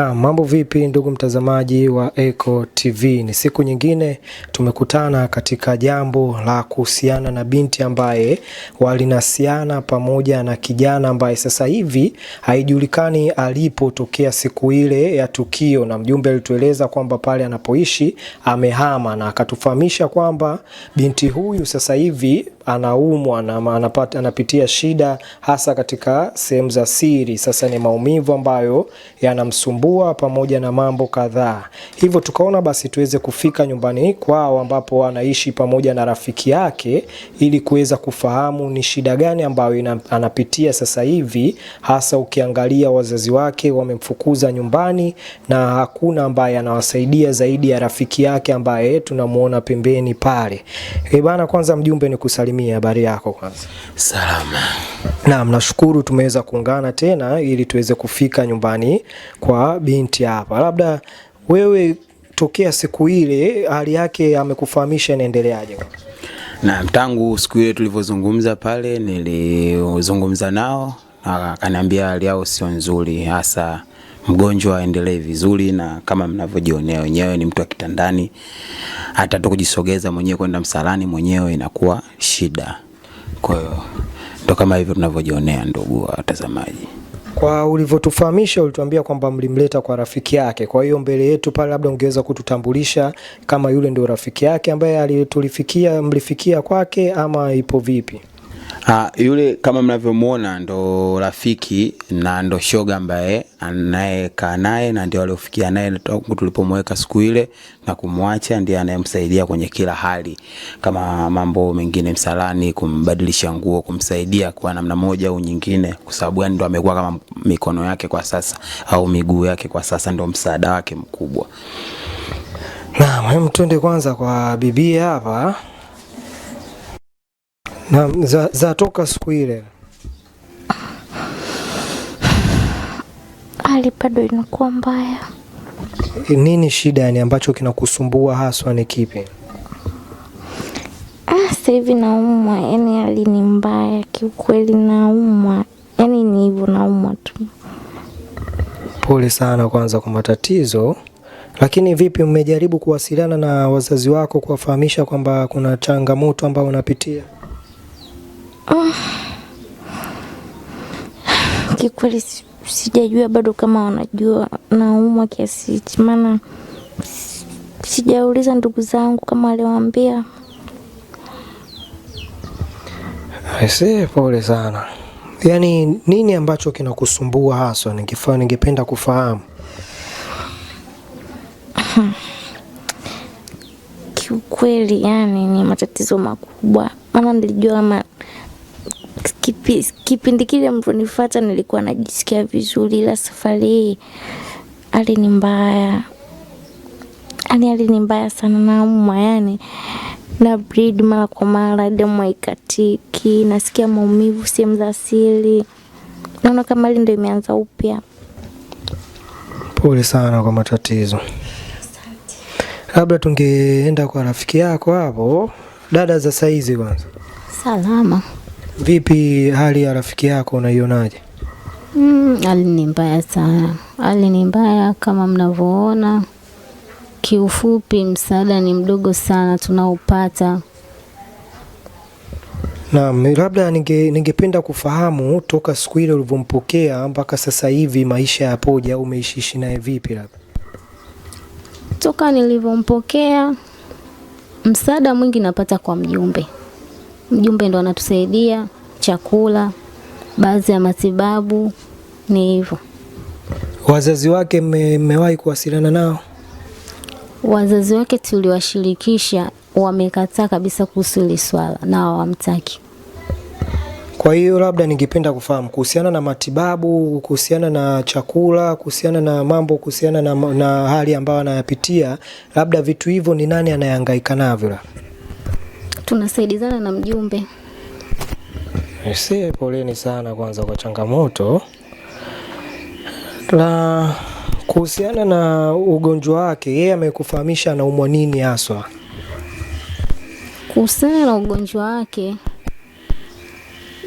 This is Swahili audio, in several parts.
Na mambo vipi, ndugu mtazamaji wa Eko TV, ni siku nyingine tumekutana katika jambo la kuhusiana na binti ambaye walinasiana pamoja na kijana ambaye sasa hivi haijulikani alipotokea siku ile ya tukio, na mjumbe alitueleza kwamba pale anapoishi amehama, na akatufahamisha kwamba binti huyu sasa hivi anaumwa na anapata, anapitia shida hasa katika sehemu za siri. Sasa ni maumivu ambayo yanamsumbua pamoja na mambo kadhaa, hivyo tukaona basi tuweze kufika nyumbani kwao ambapo anaishi pamoja na rafiki yake ili kuweza kufahamu ni shida gani ambayo anapitia sasa hivi, hasa ukiangalia wazazi wake wamemfukuza nyumbani na hakuna ambaye anawasaidia zaidi ya rafiki yake ambaye tunamuona pembeni pale. E bana, kwanza mjumbe ni kusalimia Salimia, habari yako kwanza? Salama. Naam, nashukuru tumeweza kuungana tena ili tuweze kufika nyumbani kwa binti hapa. Labda wewe tokea siku ile hali yake amekufahamisha inaendeleaje? Naam, tangu siku ile tulivyozungumza pale nilizungumza nao akaniambia hali yao sio nzuri hasa mgonjwa aendelee vizuri, na kama mnavyojionea wenyewe ni mtu wa kitandani, hata tu kujisogeza mwenyewe kwenda msalani mwenyewe inakuwa shida. Kwa hiyo ndo kama hivyo tunavyojionea, ndugu watazamaji. Kwa ulivyotufahamisha, ulituambia kwamba mlimleta kwa rafiki yake. Kwa hiyo mbele yetu pale, labda ungeweza kututambulisha kama yule ndio rafiki yake ambaye alitulifikia, mlifikia kwake ama ipo vipi? Uh, yule kama mnavyomwona ndo rafiki na ndo shoga ambaye anayekaa naye na ndio aliofikia naye tangu tulipomweka siku ile na kumwacha, ndiye anayemsaidia kwenye kila hali, kama mambo mengine msalani, kumbadilisha nguo, kumsaidia kwa namna moja au nyingine, kwa sababu yani ndo amekuwa kama mikono yake kwa sasa au miguu yake kwa sasa, ndo msaada wake mkubwa. Naam, twende kwanza kwa bibia hapa. Na za, za toka siku ile hali bado inakuwa mbaya. Nini shida yani, ambacho kinakusumbua haswa ni kipi? Ah, sasa hivi naumwa, yani hali ni mbaya kiukweli, naumwa yani ni hivyo, naumwa tu. Pole sana kwanza kwa matatizo lakini vipi, mmejaribu kuwasiliana na wazazi wako kuwafahamisha kwamba kuna changamoto ambayo unapitia? Ah. kikweli sijajua bado kama wanajua naumwa kiasi hichi, maana sijauliza ndugu zangu kama waliwaambia. Aisee, pole sana. Yaani nini ambacho kinakusumbua haswa? Ningefaa, ningependa kufahamu. Kiukweli yani ni matatizo makubwa, maana nilijua ama kipi, kipindi kile mlonifuata nilikuwa najisikia vizuri, ila safari hii hali ni mbaya, yani hali ni mbaya sana, naumwa yani na yaani breed mara kwa mara, damu haikatiki, nasikia maumivu sehemu za asili, naona kama hali ndio imeanza upya. Pole sana kwa matatizo. Labda tungeenda kwa rafiki yako hapo, dada za saizi kwanza. Salama. Vipi hali ya rafiki yako unaionaje? Mm, hali ni mbaya sana, hali ni mbaya kama mnavyoona. Kiufupi, msaada ni mdogo sana tunaopata. Naam, labda ninge ningependa kufahamu toka siku ile ulivyompokea mpaka sasa hivi maisha yapoje, au umeishiishi naye vipi? Labda toka nilivyompokea, msaada mwingi napata kwa mjumbe mjumbe ndo anatusaidia chakula, baadhi ya matibabu, ni hivyo. Wazazi wake mmewahi kuwasiliana nao? Wazazi wake tuliwashirikisha, wamekataa kabisa kuhusu hili swala na hawamtaki. Kwa hiyo labda ningependa kufahamu kuhusiana na matibabu, kuhusiana na chakula, kuhusiana na mambo, kuhusiana na, na hali ambayo anayapitia, labda vitu hivyo ni nani anayehangaika navyo? tunasaidizana na mjumbe. Msie, poleni sana kwanza kwa changamoto la kuhusiana na ugonjwa wake. Yeye amekufahamisha anaumwa nini haswa? Kuhusiana na ugonjwa wake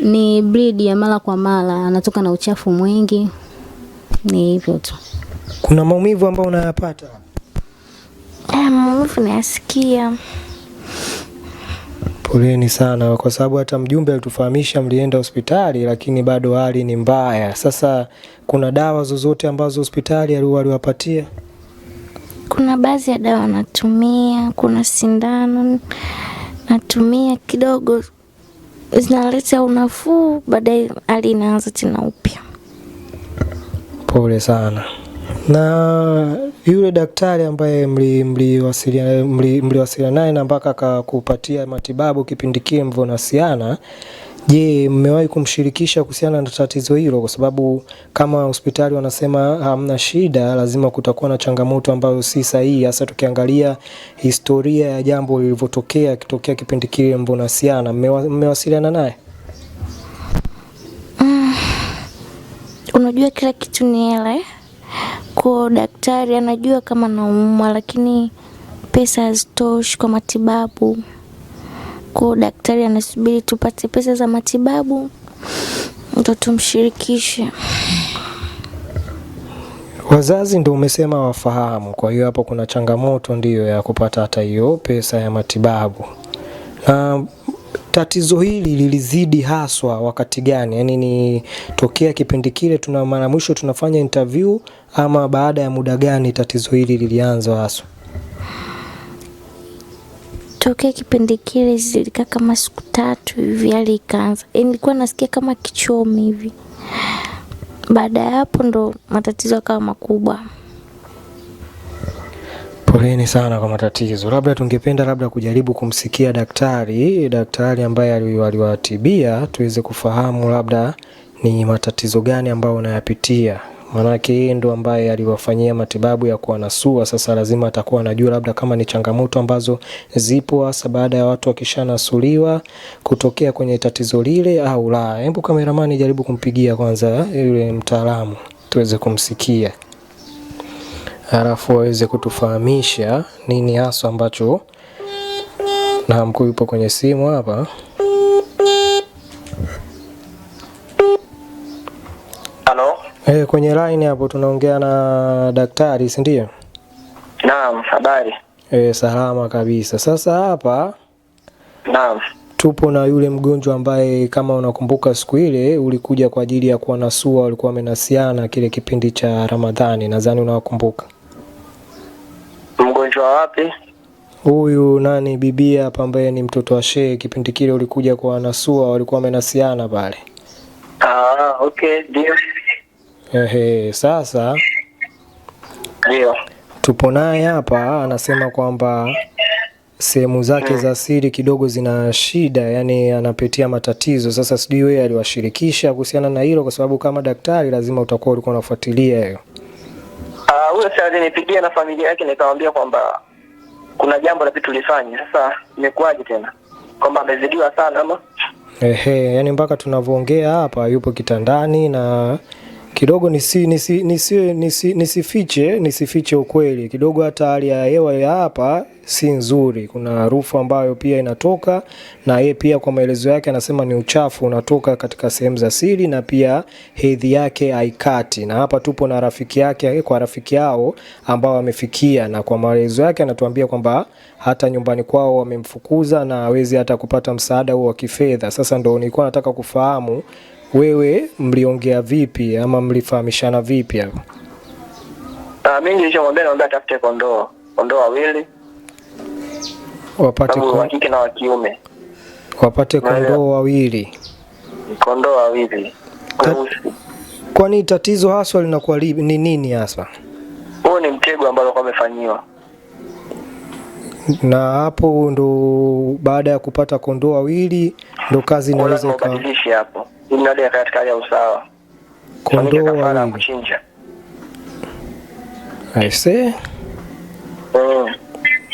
ni bridi ya mara kwa mara, anatoka na uchafu mwingi, ni hivyo tu. Kuna maumivu ambayo unayapata? Eh, maumivu nayasikia. Poleni sana kwa sababu hata mjumbe alitufahamisha mlienda hospitali, lakini bado hali ni mbaya. Sasa kuna dawa zozote ambazo hospitali aliwapatia? Kuna baadhi ya dawa natumia, kuna sindano natumia kidogo, zinaleta unafuu, baadaye hali inaanza tena upya. Pole sana. Na yule daktari ambaye mliwasiliana naye na mpaka akakupatia matibabu kipindi kile mvonasiana, je, mmewahi kumshirikisha kuhusiana na tatizo hilo? Kwa sababu kama hospitali wanasema hamna shida, lazima kutakuwa na changamoto ambayo si sahihi, hasa tukiangalia historia ya jambo lilivyotokea kitokea kipindi kile mvonasiana. Mmewasiliana naye? Ah, unajua, kila kitu ni hela kwa daktari anajua kama naumwa, lakini pesa hazitoshi kwa matibabu. Kwa daktari anasubiri tupate pesa za matibabu ndo tumshirikishe. Wazazi ndo umesema wafahamu, kwa hiyo hapo kuna changamoto ndiyo ya kupata hata hiyo pesa ya matibabu na Tatizo hili lilizidi haswa wakati gani? Yaani ni tokea kipindi kile tuna mara mwisho tunafanya interview ama baada ya muda gani tatizo hili lilianza haswa? Tokea kipindi kile zilikaa kama siku tatu hivi hali ikaanza. Yaani nilikuwa nasikia kama kichomi hivi. Baada ya hapo ndo matatizo yakawa makubwa. Poleni sana kwa matatizo. Labda tungependa labda kujaribu kumsikia daktari, daktari ambaye aliwatibia tuweze kufahamu labda ni matatizo gani ambayo unayapitia, maanake yeye ndo ambaye aliwafanyia matibabu ya kuwanasua. Sasa lazima atakuwa anajua labda kama ni changamoto ambazo zipo hasa baada ya watu wakishanasuliwa kutokea kwenye tatizo lile au la. Hebu kameramani jaribu kumpigia kwanza yule mtaalamu tuweze kumsikia halafu waweze kutufahamisha nini haswa ambacho na mkuu yupo kwenye simu hapa. Halo. Eh, kwenye line hapo tunaongea na daktari, si ndio? Naam, habari. Eh, salama kabisa. Sasa hapa Naam. Tupo na yule mgonjwa ambaye kama unakumbuka siku ile ulikuja kwa ajili ya kuwa nasua, walikuwa wamenasiana kile kipindi cha Ramadhani, nadhani unawakumbuka mtoto wa wapi? Huyu nani bibia hapa, ambaye ni mtoto wa shehe. Kipindi kile ulikuja kwa wanasua, walikuwa wamenasiana pale. Ah, okay, ndio. Ehe, sasa ndio tupo naye hapa, anasema kwamba sehemu zake hmm, za siri kidogo zina shida, yani anapitia matatizo. Sasa sijui wewe aliwashirikisha kuhusiana na hilo, kwa sababu kama daktari lazima utakuwa ulikuwa unafuatilia hiyo huyo sasa alinipigia na familia yake, nikamwambia kwamba kuna jambo la vitu tulifanya. Sasa imekuwaje tena kwamba amezidiwa sana ama? Ehe, yani mpaka tunavyoongea hapa yupo kitandani na kidogo nisi, nisi, nisi, nisi, nisifiche nisifiche ukweli kidogo, hata hali ya hewa ya hapa si nzuri. Kuna harufu ambayo pia inatoka, na yeye pia kwa maelezo yake anasema ni uchafu unatoka katika sehemu za siri, na pia hedhi yake haikati. Na hapa tupo na rafiki yake, eh, kwa rafiki yao ambao amefikia, na kwa maelezo yake anatuambia kwamba hata nyumbani kwao wamemfukuza na hawezi hata kupata msaada huo wa kifedha. Sasa ndio nilikuwa nataka kufahamu wewe mliongea vipi ama mlifahamishana vipi hapo? Ah, mimi nilichomwambia naomba atafute kondoo, kondoo wawili wapate kondoo kike na wa kiume, wapate kondoo wawili, kondoo wawili. Kwani tatizo haswa linakuwa ni nini hasa? Huo ni mtego ambao alikuwa Na hapo ndo baada ya kupata kondoo wawili ndo kazi inaweza hapo ili mradi katika hali ya usawa, kondoo kafara kuchinja. I see. mm.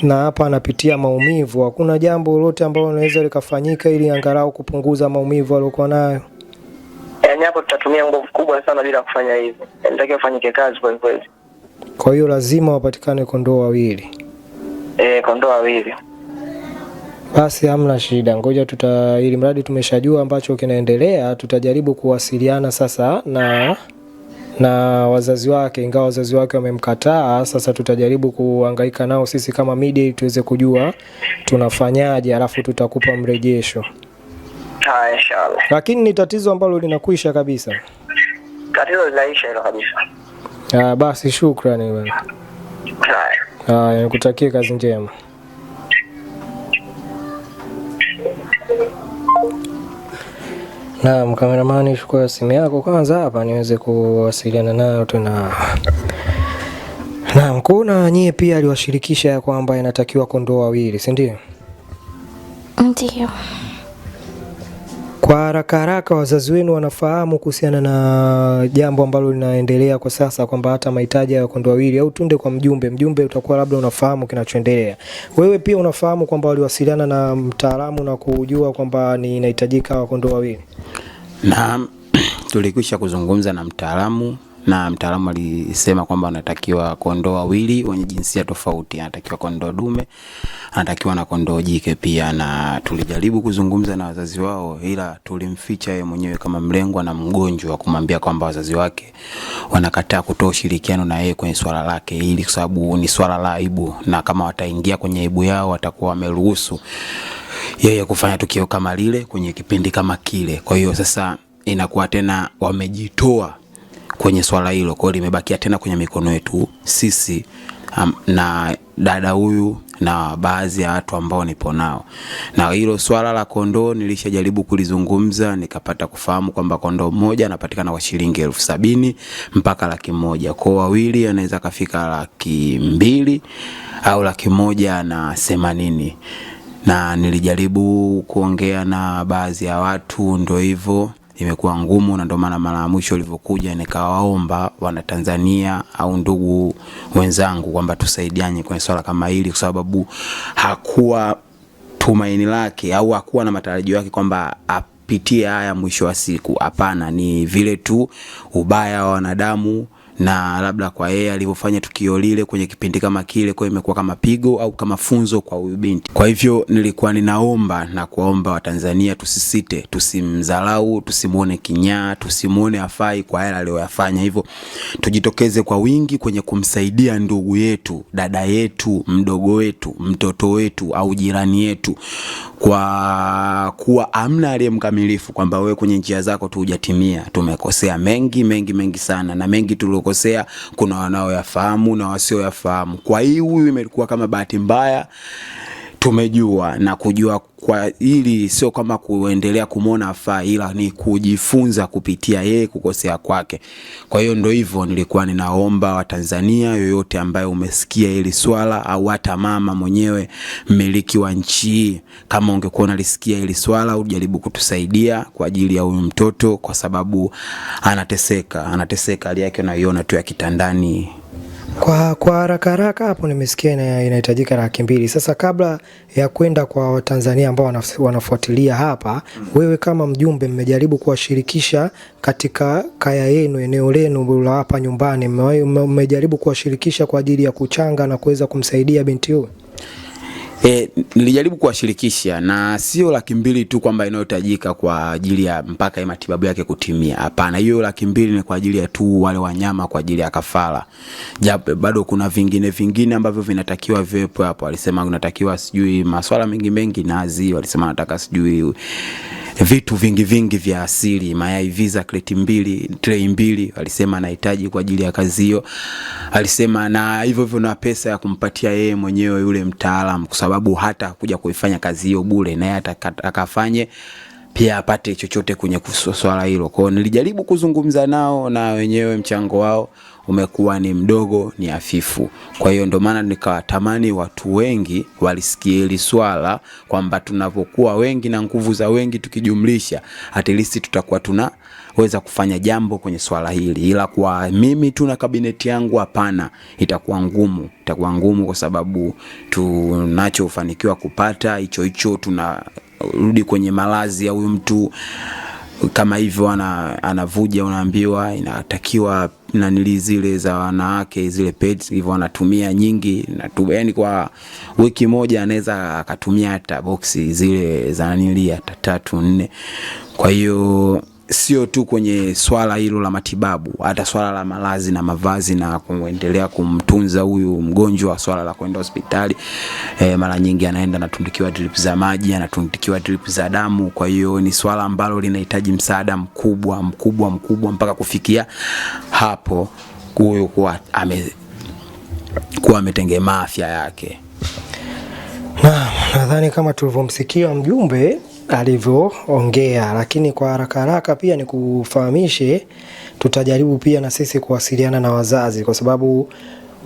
Na hapa anapitia maumivu, hakuna jambo lolote ambalo linaweza likafanyika ili angalau kupunguza maumivu aliyokuwa nayo. Yaani hapo tutatumia nguvu kubwa sana bila kufanya hivyo, yaani inatakiwa fanyike kazi kwa kweli. Kwa hiyo lazima wapatikane kondoo wawili. Eh, kondoo wawili. Basi hamna shida, ngoja tuta, ili mradi tumeshajua ambacho kinaendelea, tutajaribu kuwasiliana sasa na na wazazi wake, ingawa wazazi wake wamemkataa. Sasa tutajaribu kuhangaika nao sisi kama media tuweze kujua tunafanyaje, alafu tutakupa mrejesho. Haya, ah, inshallah. Lakini ni tatizo ambalo linakwisha kabisa, tatizo linaisha hilo kabisa. Ah, basi shukrani wewe, Haya, nikutakie kazi njema. Naam, kameramani, chukua simu yako kwanza hapa niweze kuwasiliana nayo tena. Naam, kuna nyie pia aliwashirikisha ya kwamba inatakiwa kondoo wawili, si ndio? Ndio. Kwa haraka haraka, wazazi wenu wanafahamu kuhusiana na jambo ambalo linaendelea kwa sasa, kwamba hata mahitaji ya kondoo wawili au tunde kwa mjumbe? Mjumbe utakuwa labda unafahamu kinachoendelea, wewe pia unafahamu kwamba waliwasiliana na mtaalamu na kujua kwamba inahitajika kondoo wawili. Na tulikwisha kuzungumza na mtaalamu na mtaalamu alisema kwamba anatakiwa kondoo wawili wenye jinsia tofauti, anatakiwa kondoo dume, anatakiwa na kondoo jike pia. Na tulijaribu kuzungumza na wazazi wao, ila tulimficha yeye mwenyewe kama mlengwa na mgonjwa, kumwambia kwamba wazazi wake wanakataa kutoa ushirikiano na yeye kwenye swala lake ili kwa sababu ni swala la aibu, na kama wataingia kwenye aibu yao watakuwa wameruhusu yeye kufanya tukio kama lile kwenye kipindi kama kile. Kwa hiyo sasa inakuwa tena wamejitoa kwenye swala hilo. Kwa hiyo limebakia tena kwenye mikono yetu sisi um, na dada huyu na baadhi ya watu ambao nipo nao. Na hilo swala la kondoo nilishajaribu kulizungumza, nikapata kufahamu kwamba kondoo mmoja anapatikana kwa shilingi elfu sabini mpaka laki moja. Kwa wawili anaweza kafika laki mbili au laki moja na themanini. Na nilijaribu kuongea na baadhi ya watu, ndio hivyo imekuwa ngumu, na ndio maana mara ya mwisho ulivyokuja nikawaomba Wanatanzania au ndugu wenzangu kwamba tusaidiane kwenye swala kama hili, kwa sababu hakuwa tumaini lake au hakuwa na matarajio yake kwamba apitie haya mwisho wa siku. Hapana, ni vile tu ubaya wa wanadamu na labda kwa yeye alivyofanya tukio lile kwenye kipindi kama kile, kwa imekuwa kama pigo au kama funzo kwa huyu binti. Kwa hivyo nilikuwa ninaomba na kuwaomba Watanzania tusisite, tusimdharau, tusimwone kinyaa, tusimwone afai kwa yale aliyoyafanya. Hivyo tujitokeze kwa wingi kwenye kumsaidia ndugu yetu, dada yetu, mdogo wetu, mtoto wetu au jirani yetu, kwa kuwa amna aliye mkamilifu, kwamba wewe kwenye njia zako tu hujatimia. Tumekosea mengi mengi mengi sana na mengi tulio wanaokosea kuna wanaoyafahamu na wasioyafahamu. Kwa hiyo huyu imekuwa kama bahati mbaya tumejua na kujua kwa ili sio kama kuendelea kumwona afaa, ila ni kujifunza kupitia yeye kukosea kwake. Kwa hiyo ndo hivyo, nilikuwa ninaomba Watanzania yoyote ambaye umesikia hili swala au hata mama mwenyewe mmiliki wa nchi hii, kama ungekuwa unalisikia hili swala, ujaribu kutusaidia kwa ajili ya huyu mtoto, kwa sababu anateseka, anateseka hali yake unaiona tu ya kitandani. Kwa, kwa haraka haraka hapo nimesikia inahitajika laki mbili. Sasa kabla ya kwenda kwa Watanzania ambao wanafuatilia hapa, wewe kama mjumbe, mmejaribu kuwashirikisha katika kaya yenu, eneo lenu la hapa nyumbani, mmejaribu kuwashirikisha kwa ajili ya kuchanga na kuweza kumsaidia binti huyu? E, nilijaribu kuwashirikisha na sio laki mbili tu kwamba inayotajika kwa ajili ya mpaka ya matibabu yake kutimia. Hapana, hiyo laki mbili ni kwa ajili ya tu wale wanyama kwa ajili ya kafara. Japo eh, bado kuna vingine vingine ambavyo vinatakiwa viwepo hapo. Walisema unatakiwa sijui maswala mengi mengi nazi, walisema nataka sijui vitu vingi vingi vya asili, mayai visa kreti mbili, trei mbili, alisema anahitaji kwa ajili ya kazi hiyo. Alisema na hivyo hivyo na pesa ya kumpatia yeye mwenyewe yule mtaalamu, kwa sababu hata kuja kuifanya kazi hiyo bure, naye atakafanye pia apate chochote kwenye swala hilo. Kwao nilijaribu kuzungumza nao na wenyewe mchango wao umekuwa ni mdogo, ni hafifu. Kwa hiyo ndio maana nikawatamani watu wengi walisikia hili swala kwamba tunapokuwa wengi na nguvu za wengi tukijumlisha, at least tutakuwa tunaweza kufanya jambo kwenye swala hili, ila kwa mimi tu na kabineti yangu hapana, itakuwa ngumu, itakuwa ngumu kwa sababu tunachofanikiwa kupata hicho hicho tunarudi kwenye malazi ya huyu mtu kama hivyo, anavuja, unaambiwa inatakiwa nanili zile za wanawake zile pets hivyo anatumia nyingi na yani, kwa wiki moja anaweza akatumia hata boksi zile za nanili hata tatu nne. Kwa hiyo sio tu kwenye swala hilo la matibabu, hata swala la malazi na mavazi na kuendelea kumtunza huyu mgonjwa, swala la kwenda hospitali e, mara nyingi anaenda anatundikiwa drip za maji, anatundikiwa drip za damu. Kwa hiyo ni swala ambalo linahitaji msaada mkubwa mkubwa mkubwa, mpaka kufikia hapo huyu kuwa ame kuwa ametengemaa afya yake. Na nadhani kama tulivyomsikia mjumbe alivyoongea, lakini kwa haraka haraka pia ni kufahamishe, tutajaribu pia na sisi kuwasiliana na wazazi, kwa sababu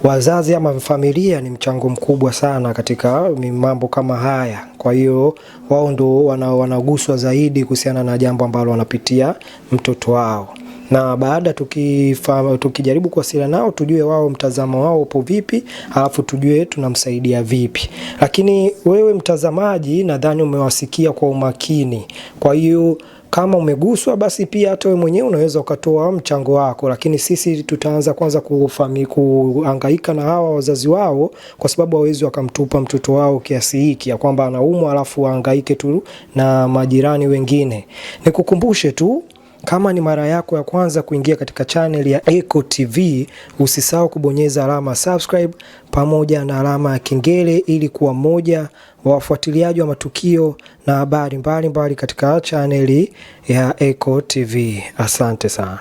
wazazi ama familia ni mchango mkubwa sana katika mambo kama haya. Kwa hiyo wao ndo wanaguswa zaidi kuhusiana na jambo ambalo wanapitia mtoto wao na baada tukifa, tukijaribu kuwasiliana nao tujue wao mtazamo wao upo vipi, alafu tujue tunamsaidia vipi. Lakini wewe mtazamaji, nadhani umewasikia kwa umakini, kwa hiyo kama umeguswa basi pia hata wewe mwenyewe unaweza ukatoa mchango wako, lakini sisi tutaanza kwanza kufami kuangaika na hawa wazazi wao, kwa sababu hawezi wakamtupa mtoto wao kiasi hiki ya kwamba anaumwa alafu ahangaike tu na majirani wengine. Nikukumbushe tu kama ni mara yako ya kwanza kuingia katika channel ya Eko TV, usisahau kubonyeza alama subscribe pamoja na alama ya kengele ili kuwa mmoja wa wafuatiliaji wa matukio na habari mbalimbali katika chaneli ya Eko TV. Asante sana.